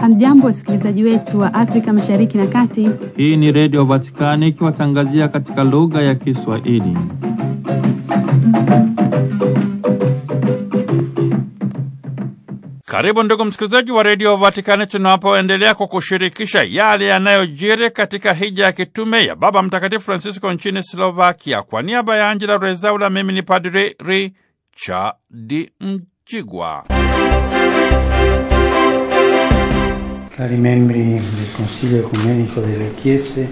Hamjambo, wasikilizaji wetu wa Afrika Mashariki na Kati. Hii ni Redio Vatikani ikiwatangazia katika lugha ya Kiswahili. Karibu ndugu msikilizaji wa Redio Vatikani, tunapoendelea kwa kushirikisha yale yanayojiri katika hija ya kitume ya Baba Mtakatifu Francisco nchini Slovakia. Kwa niaba ya Angela Rezaula, mimi ni Padri Richard Chigwa. Cari membri del Consiglio Ecumenico delle Chiese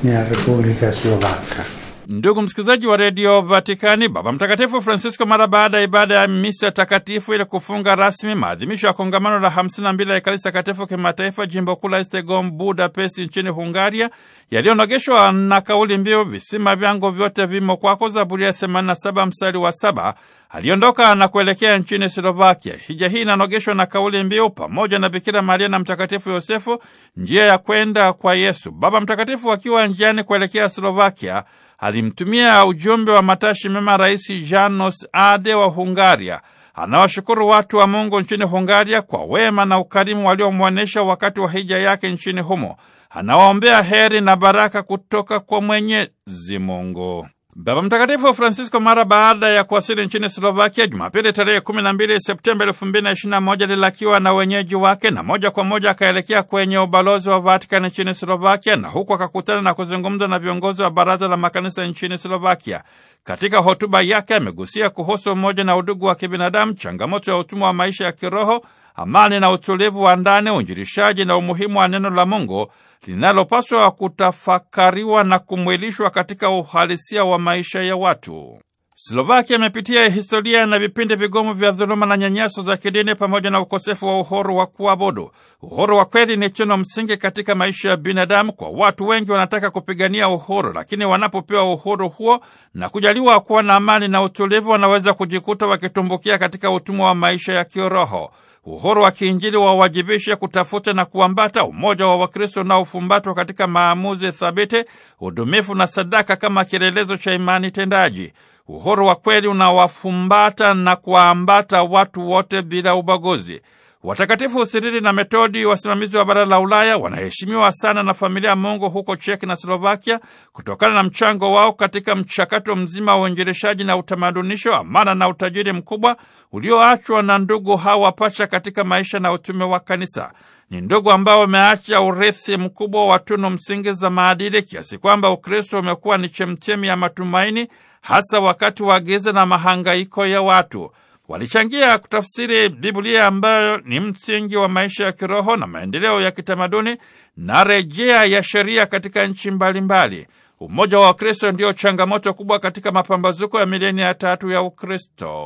nella Repubblica Slovacca. Ndugu msikilizaji wa redio Vatikani, Baba Mtakatifu Francisco mara baada ya ibada ya misa takatifu ile kufunga rasmi maadhimisho ya kongamano la 52 la Ekaristi Takatifu kimataifa jimbo kuu la Estegom Budapest nchini Hungaria, yaliyonogeshwa na kauli mbiu visima vyangu vyote vimo kwako, Zaburi ya 87 mstari wa saba Aliondoka na kuelekea nchini Slovakia. Hija hii inanogeshwa na kauli mbiu pamoja na Bikira Maria na Mtakatifu Yosefu, njia ya kwenda kwa Yesu. Baba Mtakatifu akiwa njiani kuelekea Slovakia alimtumia ujumbe wa matashi mema Rais Janos Ade wa Hungaria. Anawashukuru watu wa Mungu nchini Hungaria kwa wema na ukarimu waliomwonyesha wakati wa hija yake nchini humo. Anawaombea heri na baraka kutoka kwa Mwenyezi Mungu. Baba Mtakatifu Francisco mara baada ya kuwasili nchini Slovakia Jumapili tarehe 12 Septemba 2021 na lilakiwa na wenyeji wake, na moja kwa moja akaelekea kwenye ubalozi wa Vatikani nchini Slovakia, na huku akakutana na kuzungumza na viongozi wa baraza la makanisa nchini Slovakia. Katika hotuba yake amegusia kuhusu umoja na udugu wa kibinadamu, changamoto ya utumwa wa maisha ya kiroho, amani na utulivu wa ndani, uinjilishaji na umuhimu wa neno la Mungu linalopaswa kutafakariwa na kumwilishwa katika uhalisia wa maisha ya watu. Slovakia imepitia historia na vipindi vigumu vya dhuluma na nyanyaso za kidini pamoja na ukosefu wa uhuru wa kuabudu. Uhuru wa kweli ni chino msingi katika maisha ya binadamu. Kwa watu wengi wanataka kupigania uhuru, lakini wanapopewa uhuru huo na kujaliwa kuwa na amani na utulivu, wanaweza kujikuta wakitumbukia katika utumwa wa maisha ya kiroho uhuru wa kiinjili wawajibishe kutafuta na kuambata umoja wa Wakristo unaofumbatwa katika maamuzi thabiti, udumifu na sadaka kama kielelezo cha imani tendaji. Uhuru wa kweli unawafumbata na kuwaambata watu wote bila ubaguzi. Watakatifu Sirili na Metodi, wasimamizi wa bara la Ulaya, wanaheshimiwa sana na familia Mungu huko Cheki na Slovakia kutokana na mchango wao katika mchakato mzima wa uinjilishaji na utamadunisho, amana na utajiri mkubwa ulioachwa na ndugu hawa pacha katika maisha na utume wa Kanisa. Ni ndugu ambao wameacha urithi mkubwa wa tunu msingi za maadili kiasi kwamba Ukristo umekuwa ni chemchemi ya matumaini, hasa wakati wa giza na mahangaiko ya watu walichangia kutafsiri Biblia ambayo ni msingi wa maisha ya kiroho na maendeleo ya kitamaduni na rejea ya sheria katika nchi mbalimbali. Umoja wa Wakristo ndiyo changamoto kubwa katika mapambazuko ya milenia ya tatu ya Ukristo.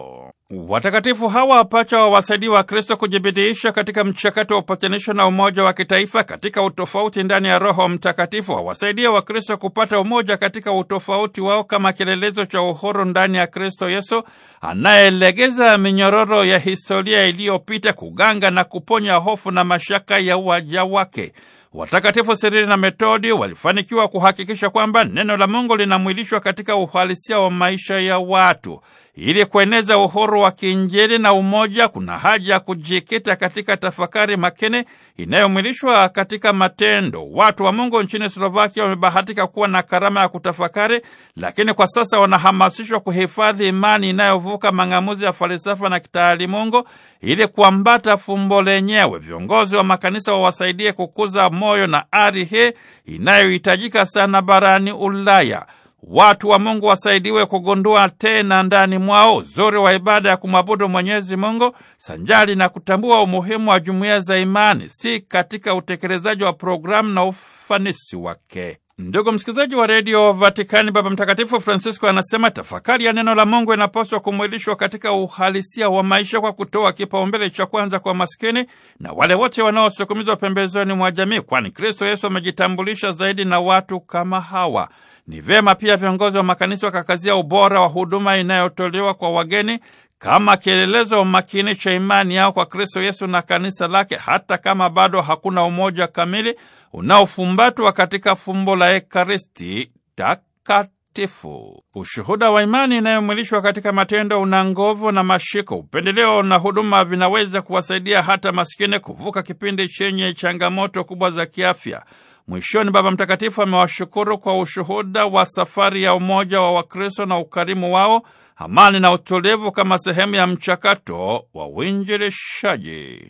Watakatifu hawa pacha wawasaidia wa Kristo kujibidiisha katika mchakato wa upatanisho na umoja wa kitaifa katika utofauti ndani ya Roho Mtakatifu. Wawasaidia wa Kristo kupata umoja katika utofauti wao kama kielelezo cha uhuru ndani ya Kristo Yesu anayelegeza minyororo ya historia iliyopita, kuganga na kuponya hofu na mashaka ya waja wake. Watakatifu Sirili na Metodi walifanikiwa kuhakikisha kwamba neno la Mungu linamwilishwa katika uhalisia wa maisha ya watu. Ili kueneza uhuru wa kiinjili na umoja, kuna haja ya kujikita katika tafakari makini inayomwilishwa katika matendo. Watu wa Mungu nchini Slovakia wamebahatika kuwa na karama ya kutafakari, lakini kwa sasa wanahamasishwa kuhifadhi imani inayovuka mang'amuzi ya falsafa na kitaalimungu ili kuambata fumbo lenyewe. Viongozi wa makanisa wawasaidie kukuza moyo na ari hii inayohitajika sana barani Ulaya. Watu wa Mungu wasaidiwe kugundua tena ndani mwao uzuri wa ibada ya kumwabudu Mwenyezi Mungu sanjali na kutambua umuhimu wa jumuiya za imani, si katika utekelezaji wa programu na ufanisi wake. Ndugu msikilizaji wa redio Vatikani, Baba Mtakatifu Francisco anasema tafakari ya neno la Mungu inapaswa kumwilishwa katika uhalisia wa maisha kwa kutoa kipaumbele cha kwanza kwa maskini na wale wote wanaosukumizwa pembezoni mwa jamii, kwani Kristo Yesu amejitambulisha zaidi na watu kama hawa. Ni vyema pia viongozi wa makanisa wakakazia ubora wa huduma inayotolewa kwa wageni kama kielelezo umakini cha imani yao kwa Kristo Yesu na kanisa lake, hata kama bado hakuna umoja kamili unaofumbatwa katika fumbo la Ekaristi takatifu. Ushuhuda wa imani inayomwilishwa katika matendo una nguvu na mashiko. Upendeleo na huduma vinaweza kuwasaidia hata masikini kuvuka kipindi chenye changamoto kubwa za kiafya. Mwishoni, Baba Mtakatifu amewashukuru kwa ushuhuda wa safari ya umoja wa Wakristo na ukarimu wao amani na utulivu kama sehemu ya mchakato wa uinjilishaji.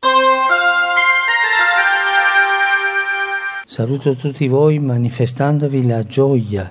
Saluto tutti voi manifestandovi la gioia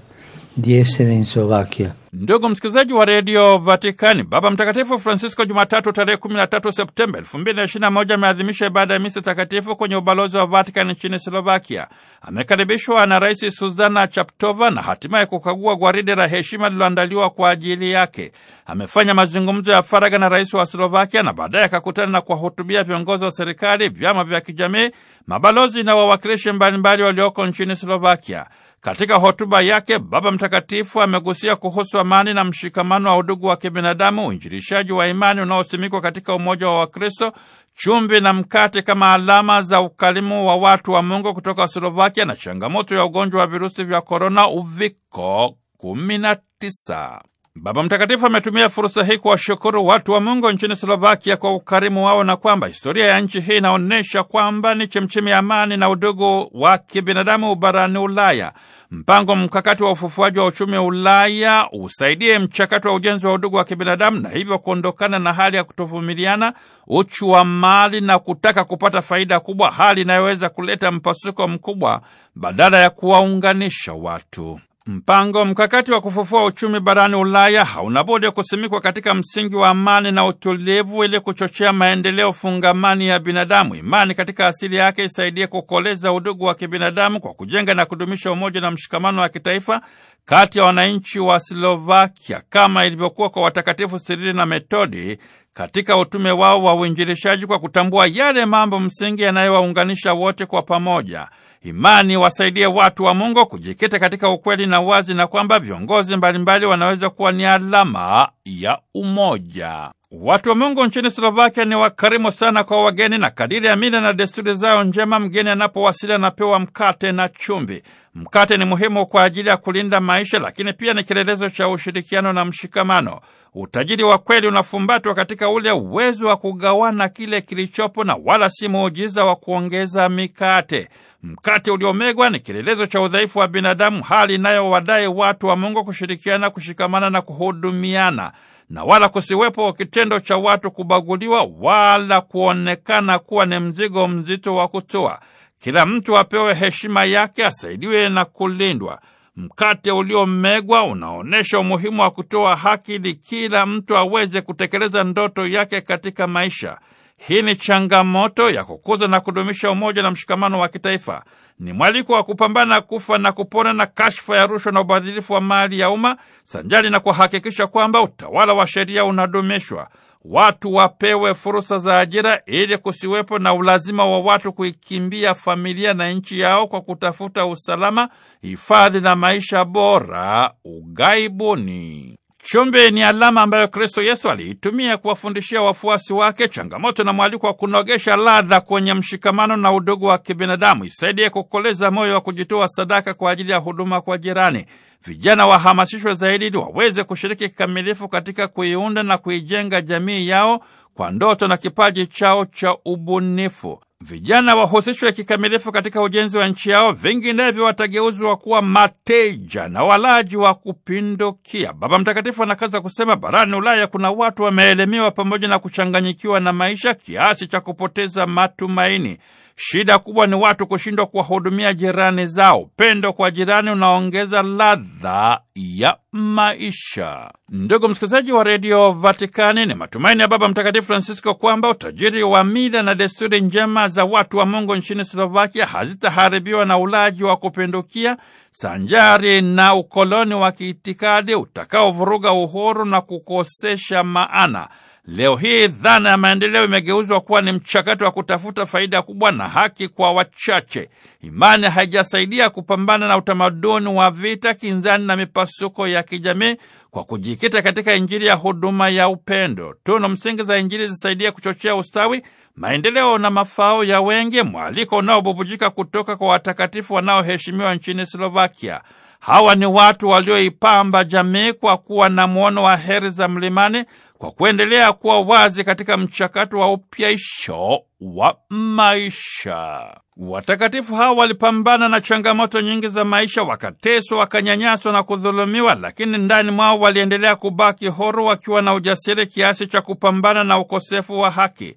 di in Slovakia. Ndugu msikilizaji wa redio Vatikani, Baba Mtakatifu Francisco Jumatatu tarehe 13 Septemba 2021 ameadhimisha ibada ya misa takatifu kwenye ubalozi wa Vatican nchini Slovakia. Amekaribishwa na Rais Suzana Chaptova na hatimaye kukagua gwaride la heshima lililoandaliwa kwa ajili yake. Amefanya mazungumzo ya faraga na rais wa Slovakia na baadaye akakutana na kuwahutubia viongozi wa serikali, vyama vya kijamii, mabalozi na wawakilishi mbalimbali walioko nchini Slovakia. Katika hotuba yake, Baba Mtakatifu amegusia kuhusu amani na mshikamano wa udugu wa kibinadamu, uinjilishaji wa imani unaosimikwa katika umoja wa Wakristo, chumvi na mkate kama alama za ukarimu wa watu wa Mungu kutoka Slovakia, na changamoto ya ugonjwa wa virusi vya korona, uviko 19. Baba Mtakatifu ametumia fursa hii kuwashukuru watu wa Mungu nchini Slovakia kwa ukarimu wao na kwamba historia ya nchi hii inaonyesha kwamba ni chemchemi ya amani na udugu wa kibinadamu barani Ulaya. Mpango mkakati wa ufufuaji wa uchumi wa Ulaya usaidie mchakato wa ujenzi wa udugu wa kibinadamu na hivyo kuondokana na hali ya kutovumiliana, uchu wa mali na kutaka kupata faida kubwa, hali inayoweza kuleta mpasuko mkubwa badala ya kuwaunganisha watu. Mpango mkakati wa kufufua uchumi barani Ulaya hauna kusimikwa katika msingi wa amani na utulivu ili kuchochea maendeleo fungamani ya binadamu. Imani katika asili yake isaidie kukoleza udugu wa kibinadamu kwa kujenga na kudumisha umoja na mshikamano wa kitaifa kati ya wananchi wa Slovakia kama ilivyokuwa kwa watakatifu Sirili na Metodi katika utume wao wa uinjilishaji kwa kutambua yale mambo msingi yanayowaunganisha wote kwa pamoja. Imani wasaidie watu wa Mungu kujikita katika ukweli na wazi, na kwamba viongozi mbalimbali wanaweza kuwa ni alama ya umoja. Watu wa Mungu nchini Slovakia ni wakarimu sana kwa wageni, na kadiri ya mila na desturi zao njema, mgeni anapowasili anapewa mkate na chumvi. Mkate ni muhimu kwa ajili ya kulinda maisha, lakini pia ni kielelezo cha ushirikiano na mshikamano. Utajiri wa kweli unafumbatwa katika ule uwezo wa kugawana kile kilichopo na wala si muujiza wa kuongeza mikate. Mkate uliomegwa ni kielelezo cha udhaifu wa binadamu, hali inayowadai watu wa Mungu kushirikiana, kushikamana na kuhudumiana na wala kusiwepo kitendo cha watu kubaguliwa wala kuonekana kuwa ni mzigo mzito wa kutoa. Kila mtu apewe heshima yake, asaidiwe na kulindwa. Mkate uliomegwa unaonyesha umuhimu wa kutoa haki ili kila mtu aweze kutekeleza ndoto yake katika maisha. Hii ni changamoto ya kukuza na kudumisha umoja na mshikamano wa kitaifa. Ni mwaliko wa kupambana kufa na kupona na kashfa ya rushwa na ubadhirifu wa mali ya umma sanjari na kuhakikisha kwamba utawala wa sheria unadumishwa watu wapewe fursa za ajira ili kusiwepo na ulazima wa watu kuikimbia familia na nchi yao kwa kutafuta usalama, hifadhi na maisha bora ugaibuni. Chumvi ni alama ambayo Kristo Yesu aliitumia kuwafundishia wafuasi wake, changamoto na mwaliko wa kunogesha ladha kwenye mshikamano na udugu wa kibinadamu. Isaidie kukoleza moyo wa kujitoa sadaka kwa ajili ya huduma kwa jirani. Vijana wahamasishwe zaidi ili waweze kushiriki kikamilifu katika kuiunda na kuijenga jamii yao kwa ndoto na kipaji chao cha ubunifu vijana wahusishwe kikamilifu katika ujenzi wa nchi yao, vinginevyo watageuzwa kuwa mateja na walaji wa kupindukia. Baba Mtakatifu anakaza kusema, barani Ulaya kuna watu wameelemewa pamoja na kuchanganyikiwa na maisha kiasi cha kupoteza matumaini. Shida kubwa ni watu kushindwa kuwahudumia jirani zao. Upendo kwa jirani unaongeza ladha ya maisha. Ndugu msikilizaji wa redio Vatikani, ni matumaini ya Baba Mtakatifu Francisco kwamba utajiri wa mila na desturi njema za watu wa Mungu nchini Slovakia hazitaharibiwa na ulaji wa kupindukia sanjari na ukoloni wa kiitikadi utakaovuruga uhuru na kukosesha maana. Leo hii dhana ya maendeleo imegeuzwa kuwa ni mchakato wa kutafuta faida kubwa na haki kwa wachache. Imani haijasaidia kupambana na utamaduni wa vita, kinzani na mipasuko ya kijamii kwa kujikita katika Injili ya huduma ya upendo. tuno msingi za Injili zisaidia kuchochea ustawi maendeleo na mafao ya wengi, mwaliko unaobubujika kutoka kwa watakatifu wanaoheshimiwa nchini Slovakia. Hawa ni watu walioipamba jamii kwa kuwa na mwono wa heri za mlimani, kwa kuendelea kuwa wazi katika mchakato wa upyaisho wa maisha. Watakatifu hawa walipambana na changamoto nyingi za maisha, wakateswa, wakanyanyaswa na kudhulumiwa, lakini ndani mwao waliendelea kubaki horo, wakiwa na ujasiri kiasi cha kupambana na ukosefu wa haki.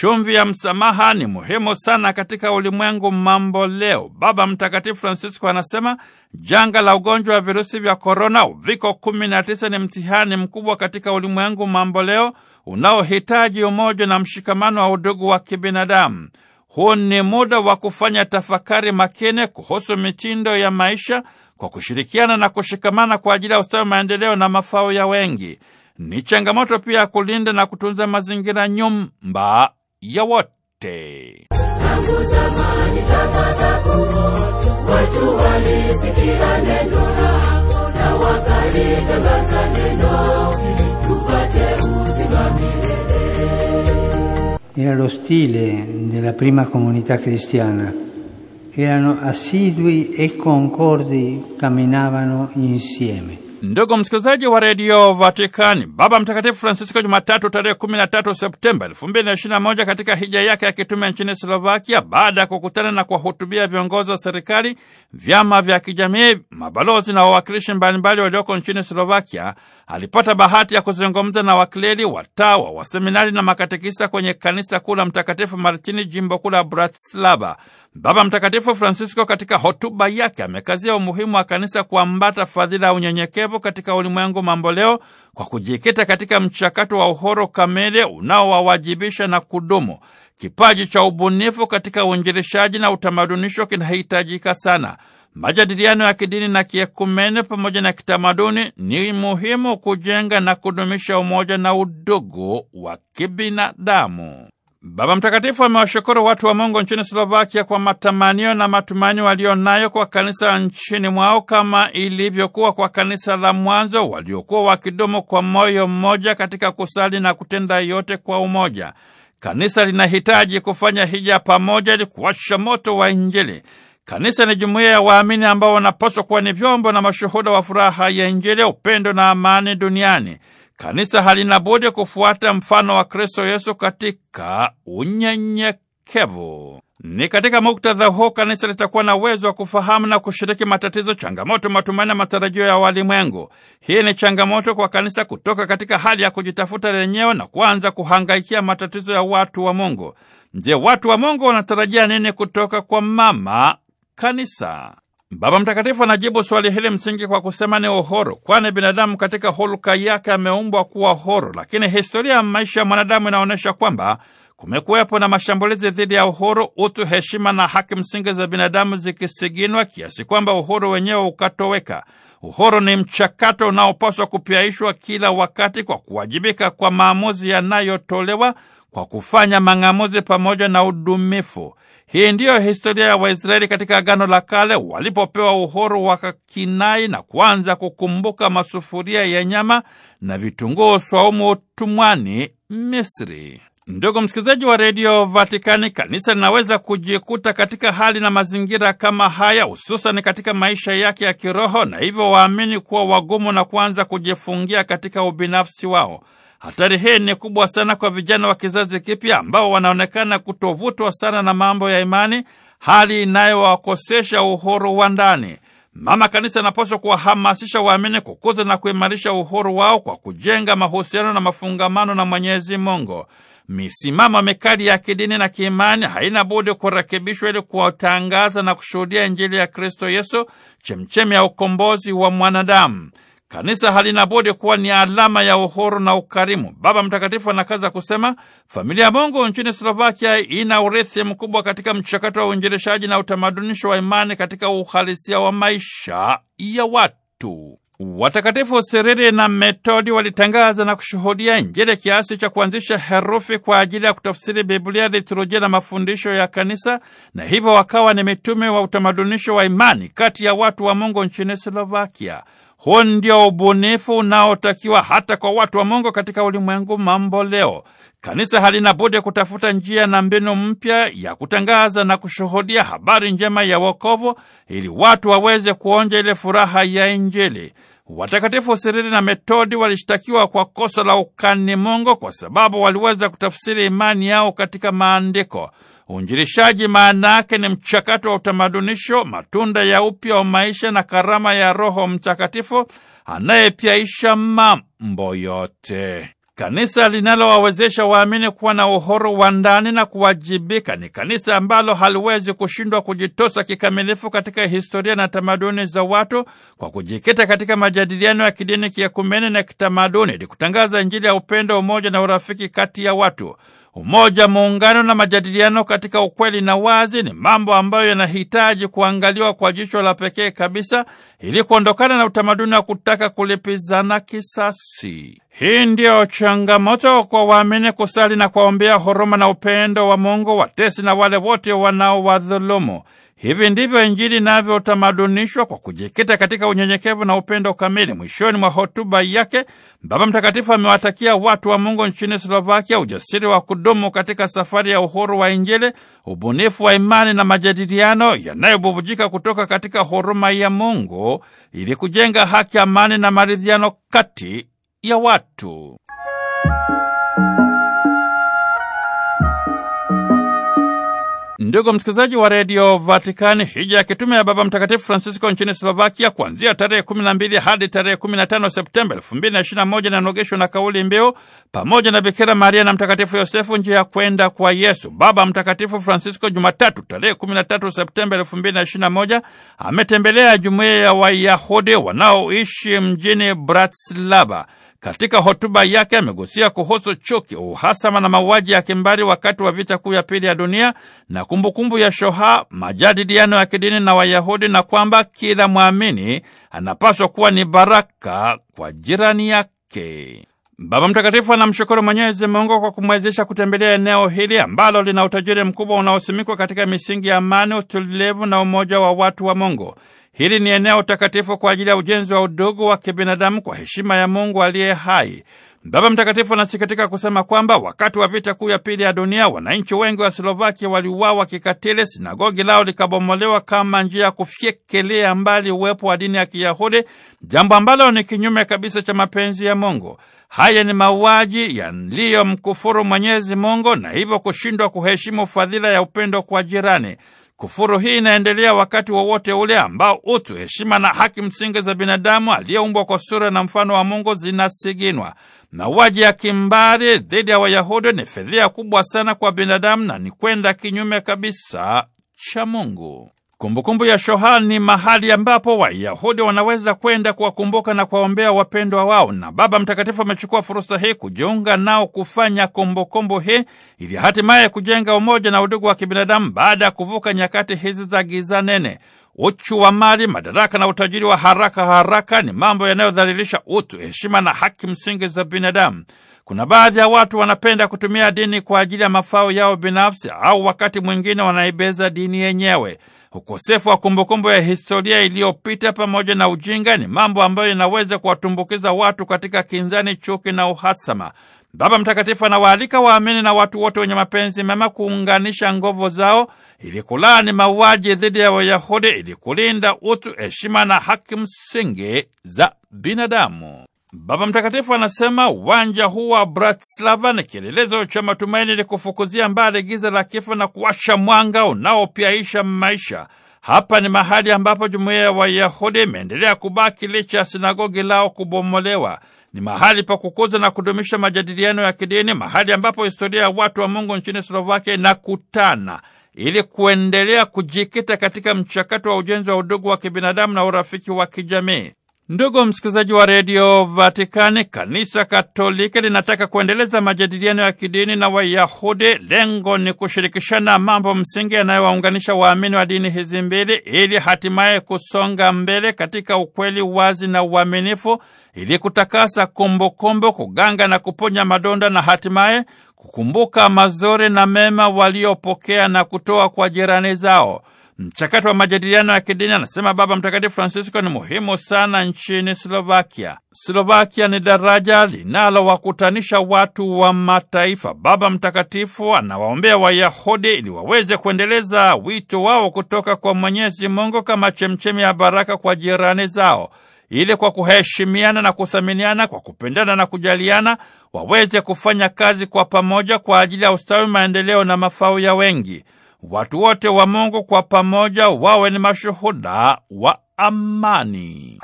Chumvi ya msamaha ni muhimu sana katika ulimwengu mambo leo. Baba Mtakatifu Francisco anasema janga la ugonjwa wa virusi vya korona, uviko 19, ni mtihani mkubwa katika ulimwengu mambo leo unaohitaji umoja na mshikamano wa udugu wa kibinadamu. Huu ni muda wa kufanya tafakari makini kuhusu mitindo ya maisha kwa kushirikiana na kushikamana kwa ajili ya ustawi, maendeleo na mafao ya wengi. Ni changamoto pia ya kulinda na kutunza mazingira nyumba ya wote. Tangu zamani tata watu walisikia neno lako na wakalitangaza neno tupate uzima milele. Era lo stile della prima comunità cristiana. Erano assidui e concordi, camminavano insieme. Ndugu msikilizaji wa redio Vatikani, Baba Mtakatifu Francisco Jumatatu tarehe 13 Septemba 2021 katika hija yake ya kitume nchini Slovakia, baada ya kukutana na kuwahutubia viongozi wa serikali, vyama vya kijamii, mabalozi na wawakilishi mbalimbali walioko nchini Slovakia, alipata bahati ya kuzungumza na wakleli watawa, waseminari na makatekisa kwenye kanisa kuu la Mtakatifu Martini, jimbo kuu la Bratislava. Baba Mtakatifu Francisco katika hotuba yake amekazia umuhimu wa kanisa kuambata fadhila ya unyenyekevu katika ulimwengu mamboleo kwa kujikita katika mchakato wa uhoro kamili unaowawajibisha na kudumu. Kipaji cha ubunifu katika uinjilishaji na utamadunisho kinahitajika sana. Majadiliano ya kidini na kiekumene pamoja na kitamaduni ni muhimu kujenga na kudumisha umoja na udugu wa kibinadamu. Baba Mtakatifu amewashukuru watu wa Mungu nchini Slovakia kwa matamanio na matumaini walionayo kwa kanisa nchini mwao kama ilivyokuwa kwa kanisa la mwanzo, waliokuwa wakidumu kwa moyo mmoja katika kusali na kutenda yote kwa umoja. Kanisa linahitaji kufanya hija pamoja ili kuwasha moto wa Injili. Kanisa ni jumuiya ya waamini ambao wanapaswa kuwa ni vyombo na mashuhuda wa furaha ya Injili, upendo na amani duniani. Kanisa halina budi kufuata mfano wa Kristo Yesu katika unyenyekevu. Ni katika muktadha huu kanisa litakuwa na uwezo wa kufahamu na kushiriki matatizo, changamoto, matumaini na matarajio ya walimwengu. Hii ni changamoto kwa kanisa kutoka katika hali ya kujitafuta lenyewe na kuanza kuhangaikia matatizo ya watu wa Mungu. Je, watu wa Mungu wanatarajia nini kutoka kwa Mama kanisa. Baba Mtakatifu anajibu swali hili msingi kwa kusema ni uhuru, kwani binadamu katika hulka yake ameumbwa kuwa huru, lakini historia ya maisha ya mwanadamu inaonyesha kwamba kumekuwepo na mashambulizi dhidi ya uhuru, utu, heshima na haki msingi za binadamu zikisiginwa kiasi kwamba uhuru wenyewe ukatoweka. Uhuru ni mchakato unaopaswa kupiaishwa kila wakati kwa kuwajibika kwa maamuzi yanayotolewa, kwa kufanya mang'amuzi pamoja na udumifu. Hii ndiyo historia ya Waisraeli katika Agano la Kale walipopewa uhuru wa Kinai na kuanza kukumbuka masufuria ya nyama na vitunguu swaumu utumwani Misri. Ndugu msikilizaji wa redio Vatikani, kanisa linaweza kujikuta katika hali na mazingira kama haya, hususani katika maisha yake ya kiroho, na hivyo waamini kuwa wagumu na kuanza kujifungia katika ubinafsi wao. Hatari hii ni kubwa sana kwa vijana wa kizazi kipya ambao wanaonekana kutovutwa sana na mambo ya imani, hali inayowakosesha uhuru wa ndani. Mama Kanisa anapaswa kuwahamasisha waamini kukuza na kuimarisha uhuru wao kwa kujenga mahusiano na mafungamano na Mwenyezi Mungu. Misimamo mikali ya kidini na kiimani haina budi kurekebishwa ili kuwatangaza na kushuhudia Injili ya Kristo Yesu, chemchemi ya ukombozi wa mwanadamu. Kanisa halina budi kuwa ni alama ya uhuru na ukarimu. Baba Mtakatifu anakaza kusema, familia ya Mungu nchini Slovakia ina urithi mkubwa katika mchakato wa uinjirishaji na utamadunisho wa imani katika uhalisia wa maisha ya watu. Watakatifu Sirili na Metodi walitangaza na kushuhudia Injili kiasi cha kuanzisha herufi kwa ajili ya kutafsiri Biblia, liturujia na mafundisho ya Kanisa, na hivyo wakawa ni mitume wa utamadunisho wa imani kati ya watu wa Mungu nchini Slovakia. Huo ndio ubunifu unaotakiwa hata kwa watu wa Mungu katika ulimwengu mambo leo. Kanisa halina budi kutafuta njia na mbinu mpya ya kutangaza na kushuhudia habari njema ya wokovu ili watu waweze kuonja ile furaha ya Injili. Watakatifu Sirili na Metodi walishtakiwa kwa kosa la ukani Mungu kwa sababu waliweza kutafsiri imani yao katika maandiko. Uinjilishaji maana yake ni mchakato wa utamadunisho, matunda ya upya wa maisha na karama ya Roho Mtakatifu anayepyaisha mambo yote. Kanisa linalowawezesha waamini kuwa na uhuru wa ndani na kuwajibika ni kanisa ambalo haliwezi kushindwa kujitosa kikamilifu katika historia na tamaduni za watu kwa kujikita katika majadiliano ya kidini, kiekumene na kitamaduni ili kutangaza Injili ya upendo, umoja na urafiki kati ya watu. Umoja, muungano na majadiliano katika ukweli na wazi ni mambo ambayo yanahitaji kuangaliwa kwa jicho la pekee kabisa ili kuondokana na utamaduni wa kutaka kulipizana kisasi. Hii ndiyo changamoto kwa waamini kusali na kuwaombea huruma na upendo wa Mungu watesi na wale wote wanaowadhulumu. Hivi ndivyo Injili inavyotamadunishwa kwa kujikita katika unyenyekevu na upendo kamili. Mwishoni mwa hotuba yake, Baba Mtakatifu amewatakia watu wa Mungu nchini Slovakia ujasiri wa kudumu katika safari ya uhuru wa Injili, ubunifu wa imani na majadiliano yanayobubujika kutoka katika huruma ya Mungu ili kujenga haki, amani na maridhiano kati ya watu. Ndugu msikilizaji wa redio Vatikani, hija ya kitume ya Baba Mtakatifu Francisco nchini Slovakia kuanzia tarehe 12 hadi tarehe 15 Septemba 2021 inanogeshwa na kauli mbiu pamoja na Bikira Maria na Mtakatifu Yosefu, njia ya kwenda kwa Yesu. Baba Mtakatifu Francisco Jumatatu tarehe 13 Septemba 2021 ametembelea jumuiya ya Wayahudi wanaoishi mjini Bratislava. Katika hotuba yake amegusia kuhusu chuki, uhasama na mauaji ya kimbari wakati wa vita kuu ya pili ya dunia na kumbukumbu kumbu ya shoha, majadiliano ya kidini na Wayahudi, na kwamba kila mwamini anapaswa kuwa ni baraka kwa jirani yake. Baba Mtakatifu anamshukuru Mwenyezi Mungu kwa kumwezesha kutembelea eneo hili ambalo lina utajiri mkubwa unaosimikwa katika misingi ya amani, utulivu na umoja wa watu wa Mungu. Hili ni eneo takatifu kwa ajili ya ujenzi wa udugu wa kibinadamu kwa heshima ya Mungu aliye hai. Baba Mtakatifu anasikitika kusema kwamba wakati wa vita kuu ya pili ya dunia wananchi wengi wa Slovakia waliuawa kikatili, sinagogi lao likabomolewa kama njia ya kufyekelea mbali uwepo wa dini ya Kiyahudi, jambo ambalo ni kinyume kabisa cha mapenzi ya Mungu. Haya ni mauaji yaliyomkufuru Mwenyezi Mungu na hivyo kushindwa kuheshimu fadhila ya upendo kwa jirani. Kufuru hii inaendelea wakati wowote wa ule ambao utu, heshima na haki msingi za binadamu aliyeumbwa kwa sura na mfano wa Mungu zinasiginwa. Mauaji ya kimbari dhidi ya Wayahudi ni fedhea kubwa sana kwa binadamu na ni kwenda kinyume kabisa cha Mungu. Kumbukumbu ya shoha ni mahali ambapo Wayahudi wanaweza kwenda kuwakumbuka na kuwaombea wapendwa wao, na Baba Mtakatifu amechukua fursa hii kujiunga nao kufanya kumbukumbu hii ili hatimaye kujenga umoja na udugu wa kibinadamu baada ya kuvuka nyakati hizi za giza nene. Uchu wa mali, madaraka na utajiri wa haraka haraka ni mambo yanayodhalilisha utu, heshima na haki msingi za binadamu. Kuna baadhi ya watu wanapenda kutumia dini kwa ajili ya mafao yao binafsi, au wakati mwingine wanaibeza dini yenyewe. Ukosefu wa kumbukumbu ya historia iliyopita pamoja na ujinga ni mambo ambayo inaweza kuwatumbukiza watu katika kinzani, chuki na uhasama. Baba Mtakatifu anawaalika waamini na watu wote wenye mapenzi mema kuunganisha nguvu zao ili kulaani mauaji dhidi ya Wayahudi ili kulinda utu, heshima na haki msingi za binadamu. Baba Mtakatifu anasema uwanja huu wa Bratislava ni kielelezo cha matumaini, ni kufukuzia mbali giza la kifo na kuwasha mwanga unaopiaisha maisha. Hapa ni mahali ambapo jumuiya ya Wayahudi imeendelea kubaki licha ya sinagogi lao kubomolewa. Ni mahali pa kukuza na kudumisha majadiliano ya kidini, mahali ambapo historia ya watu wa Mungu nchini Slovakia inakutana ili kuendelea kujikita katika mchakato wa ujenzi wa udugu wa kibinadamu na urafiki wa kijamii. Ndugu msikilizaji wa redio Vatikani, kanisa Katoliki linataka kuendeleza majadiliano ya kidini na Wayahudi. Lengo ni kushirikishana mambo msingi yanayowaunganisha waamini wa dini hizi mbili, ili hatimaye kusonga mbele katika ukweli wazi na uaminifu, ili kutakasa kumbukumbu, kuganga na kuponya madonda, na hatimaye kukumbuka mazuri na mema waliopokea na kutoa kwa jirani zao. Mchakato wa majadiliano ya kidini, anasema Baba Mtakatifu Francisco, ni muhimu sana nchini Slovakia. Slovakia ni daraja linalowakutanisha watu wa mataifa. Baba Mtakatifu anawaombea Wayahudi ili waweze kuendeleza wito wao kutoka kwa Mwenyezi Mungu kama chemchemi ya baraka kwa jirani zao ili kwa kuheshimiana na kuthaminiana, kwa kupendana na kujaliana, waweze kufanya kazi kwa pamoja kwa ajili ya ustawi, maendeleo na mafao ya wengi watu wote wa Mungu kwa pamoja wawe ni mashuhuda wa amani.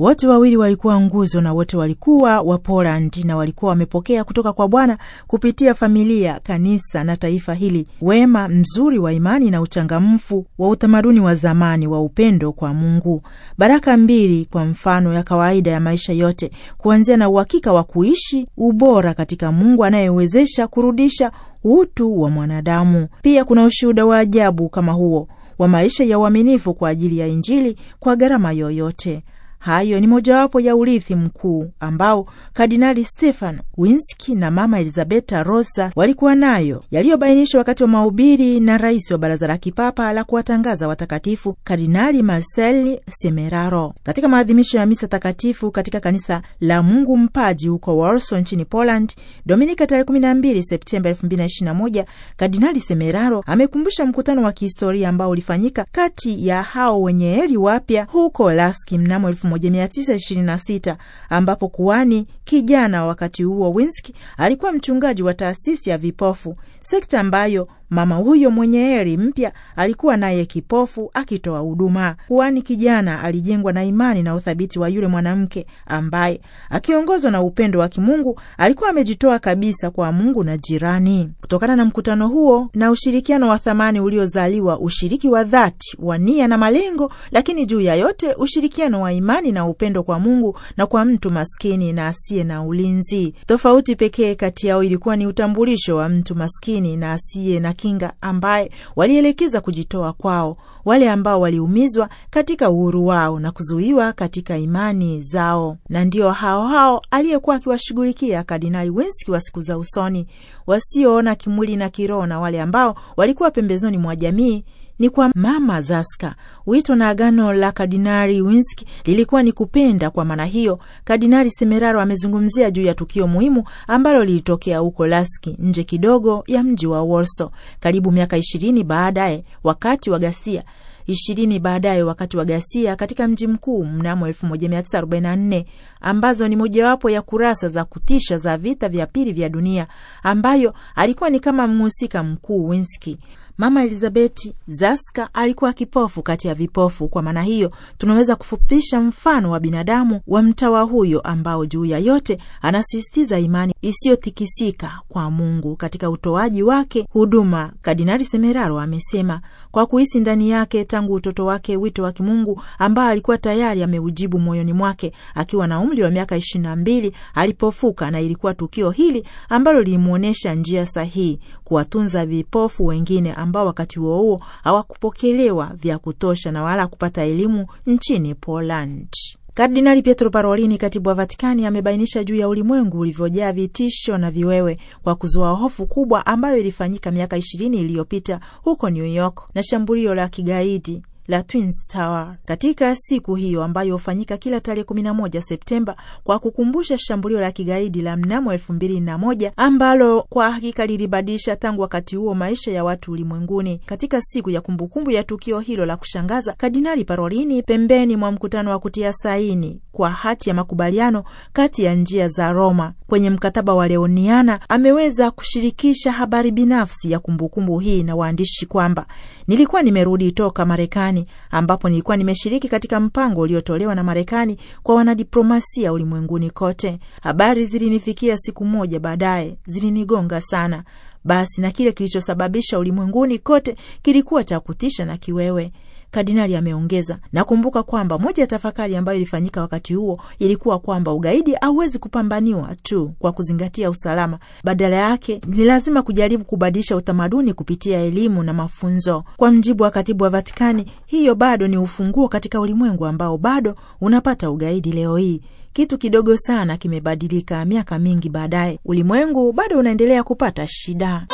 Wote wawili walikuwa nguzo na wote walikuwa wa na walikuwa wamepokea kutoka kwa Bwana kupitia familia, kanisa na taifa hili wema mzuri wa imani na uchangamfu wa utamaduni wa zamani wa upendo kwa Mungu. Baraka mbili kwa mfano ya kawaida ya maisha yote, kuanzia na uhakika wa kuishi ubora katika Mungu anayewezesha kurudisha utu wa mwanadamu. Pia kuna ushuhuda wa ajabu kama huo wa maisha ya uaminifu kwa ajili ya Injili kwa gharama yoyote. Hayo ni mojawapo ya urithi mkuu ambao Kardinali Stefano Winski na Mama Elizabeta Rosa walikuwa nayo, yaliyobainishwa wakati wa mahubiri na rais wa Baraza la Kipapa la kuwatangaza watakatifu Kardinali Marcel Semeraro katika maadhimisho ya misa takatifu katika kanisa la Mungu Mpaji huko Warsaw nchini Poland, Dominika tarehe 12 Septemba 2021. Kardinali Semeraro amekumbusha mkutano wa kihistoria ambao ulifanyika kati ya hao wenye heri wapya huko Laski mnamo elfu 1926 ambapo kuwani kijana wakati huo Winski alikuwa mchungaji wa taasisi ya vipofu sekta ambayo mama huyo mwenye heri mpya alikuwa naye kipofu akitoa huduma, kwani kijana alijengwa na imani na uthabiti wa yule mwanamke ambaye akiongozwa na upendo wa kimungu alikuwa amejitoa kabisa kwa Mungu na jirani. Kutokana na mkutano huo na ushirikiano wa thamani uliozaliwa, ushiriki wa dhati wa nia na malengo, lakini juu ya yote ushirikiano wa imani na upendo kwa Mungu na kwa mtu maskini na asiye na ulinzi. Tofauti pekee kati yao ilikuwa ni utambulisho wa mtu maskini maskini na asiye na kinga ambaye walielekeza kujitoa kwao wale ambao waliumizwa katika uhuru wao na kuzuiwa katika imani zao, na ndio hao hao aliyekuwa akiwashughulikia Kardinali Winski wa siku za usoni, wasioona kimwili na kiroho, na wale ambao walikuwa pembezoni mwa jamii ni kwa mama Zaska. Wito na agano la Kardinari Winski lilikuwa ni kupenda. Kwa maana hiyo, Kardinari Semeraro amezungumzia juu ya tukio muhimu ambalo lilitokea huko Laski, nje kidogo ya mji wa Warsaw, karibu miaka ishirini baadaye wakati wa ghasia ishirini baadaye wakati wa ghasia katika mji mkuu mnamo 1944 ambazo ni mojawapo ya kurasa za kutisha za vita vya pili vya dunia, ambayo alikuwa ni kama mhusika mkuu Winski. Mama Elizabeti Zaska alikuwa kipofu kati ya vipofu. Kwa maana hiyo, tunaweza kufupisha mfano wa binadamu wa mtawa huyo ambao juu ya yote anasisitiza imani isiyotikisika kwa Mungu katika utoaji wake huduma. Kardinali Semeraro amesema kwa kuhisi ndani yake tangu utoto wake wito wa kimungu ambao alikuwa tayari ameujibu moyoni mwake akiwa na umri wa miaka ishirini na mbili alipofuka, na ilikuwa tukio hili ambalo lilimwonyesha njia sahihi kuwatunza vipofu wengine ambao wakati huo huo hawakupokelewa vya kutosha na wala kupata elimu nchini Poland. Kardinali Pietro Parolini, katibu wa Vatikani, amebainisha juu ya ulimwengu ulivyojaa vitisho na viwewe kwa kuzua hofu kubwa ambayo ilifanyika miaka ishirini iliyopita huko New York na shambulio la kigaidi la Twins Tower katika siku hiyo ambayo hufanyika kila tarehe 11 Septemba kwa kukumbusha shambulio la kigaidi la mnamo elfu mbili na moja ambalo kwa hakika lilibadilisha tangu wakati huo maisha ya watu ulimwenguni. Katika siku ya kumbukumbu ya tukio hilo la kushangaza, Kardinali Parolini, pembeni mwa mkutano wa kutia saini kwa hati ya makubaliano kati ya njia za Roma kwenye mkataba wa Leoniana, ameweza kushirikisha habari binafsi ya kumbukumbu hii na waandishi kwamba nilikuwa nimerudi toka Marekani Marekani, ambapo nilikuwa nimeshiriki katika mpango uliotolewa na Marekani kwa wanadiplomasia ulimwenguni kote. Habari zilinifikia siku moja baadaye, zilinigonga sana. Basi na kile kilichosababisha ulimwenguni kote kilikuwa cha kutisha na kiwewe kardinali ameongeza. Nakumbuka kwamba moja ya tafakari ambayo ilifanyika wakati huo ilikuwa kwamba ugaidi hauwezi kupambaniwa tu kwa kuzingatia usalama. Badala yake ni lazima kujaribu kubadilisha utamaduni kupitia elimu na mafunzo. Kwa mjibu wa katibu wa Vatikani, hiyo bado ni ufunguo katika ulimwengu ambao bado unapata ugaidi leo hii. Kitu kidogo sana kimebadilika miaka mingi baadaye, ulimwengu bado unaendelea kupata shida.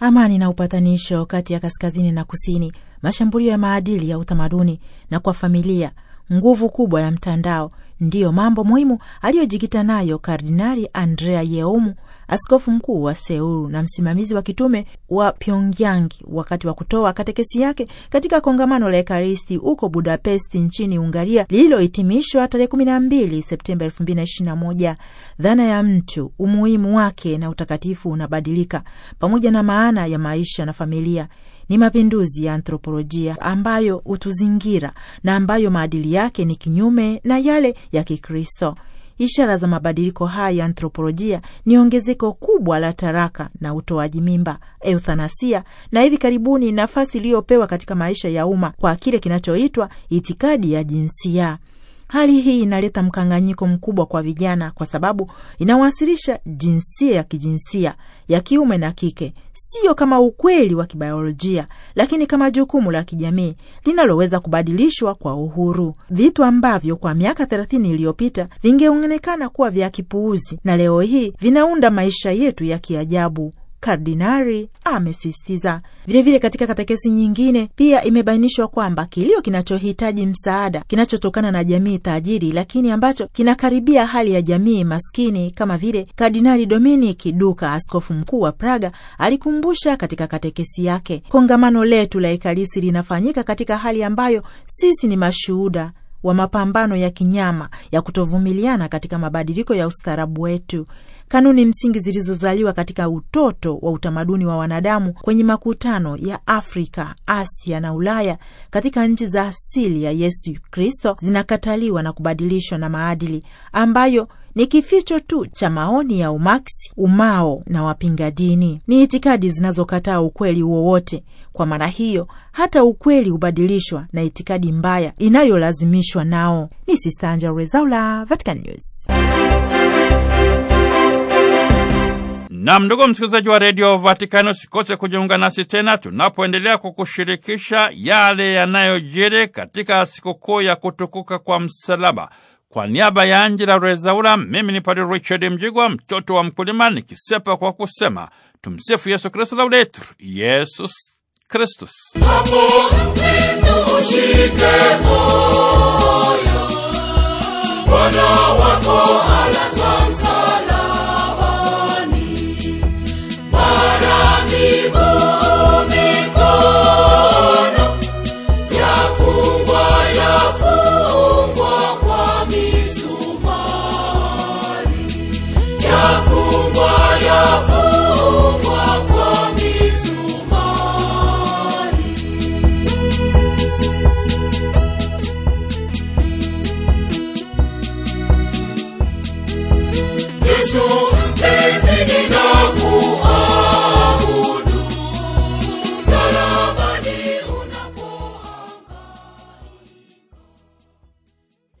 amani na upatanisho kati ya kaskazini na kusini, mashambulio ya maadili ya utamaduni na kwa familia, nguvu kubwa ya mtandao ndiyo mambo muhimu aliyojikita nayo Kardinali Andrea Yeumu askofu mkuu wa seul na msimamizi wa kitume wa Pyongyang wakati wa kutoa katekesi yake katika kongamano la Ekaristi huko Budapesti nchini Hungaria lililohitimishwa tarehe mbili Septemba moja. Dhana ya mtu, umuhimu wake na utakatifu unabadilika pamoja na maana ya maisha na familia ni mapinduzi ya anthropolojia ambayo hutuzingira na ambayo maadili yake ni kinyume na yale ya Kikristo. Ishara za mabadiliko haya ya anthropolojia ni ongezeko kubwa la taraka na utoaji mimba, euthanasia, na hivi karibuni nafasi iliyopewa katika maisha ya umma kwa kile kinachoitwa itikadi ya jinsia. Hali hii inaleta mkanganyiko mkubwa kwa vijana, kwa sababu inawasilisha jinsia ya kijinsia ya kiume na kike, siyo kama ukweli wa kibayolojia, lakini kama jukumu la kijamii linaloweza kubadilishwa kwa uhuru, vitu ambavyo kwa miaka thelathini iliyopita vingeonekana kuwa vya kipuuzi na leo hii vinaunda maisha yetu ya kiajabu kardinari amesisitiza. Vilevile katika katekesi nyingine pia imebainishwa kwamba kilio kinachohitaji msaada kinachotokana na jamii tajiri, lakini ambacho kinakaribia hali ya jamii maskini, kama vile Kardinari dominik Duka, askofu mkuu wa Praga, alikumbusha katika katekesi yake. Kongamano letu la Ekaristi linafanyika katika hali ambayo sisi ni mashuhuda wa mapambano ya kinyama ya kutovumiliana katika mabadiliko ya ustaarabu wetu kanuni msingi zilizozaliwa katika utoto wa utamaduni wa wanadamu kwenye makutano ya Afrika, Asia na Ulaya katika nchi za asili ya Yesu Kristo zinakataliwa na kubadilishwa na maadili ambayo ni kificho tu cha maoni ya umaksi, umao na wapinga dini. Ni itikadi zinazokataa ukweli wowote. Kwa maana hiyo, hata ukweli hubadilishwa na itikadi mbaya inayolazimishwa nao. Ni Sista Angella Rwezaula, Vatican News. Na mndugu msikilizaji wa redio Vatikani, usikose kujiunga nasi tena tunapoendelea kukushirikisha yale yanayojiri katika sikukuu ya kutukuka kwa msalaba. Kwa niaba ya Angela Rezaura, mimi ni Padre Richard Mjigwa, mtoto wa mkulima, nikisepa kwa kusema tumsifu Yesu Kristu, laudetur Yesus Kristus. Bwana wako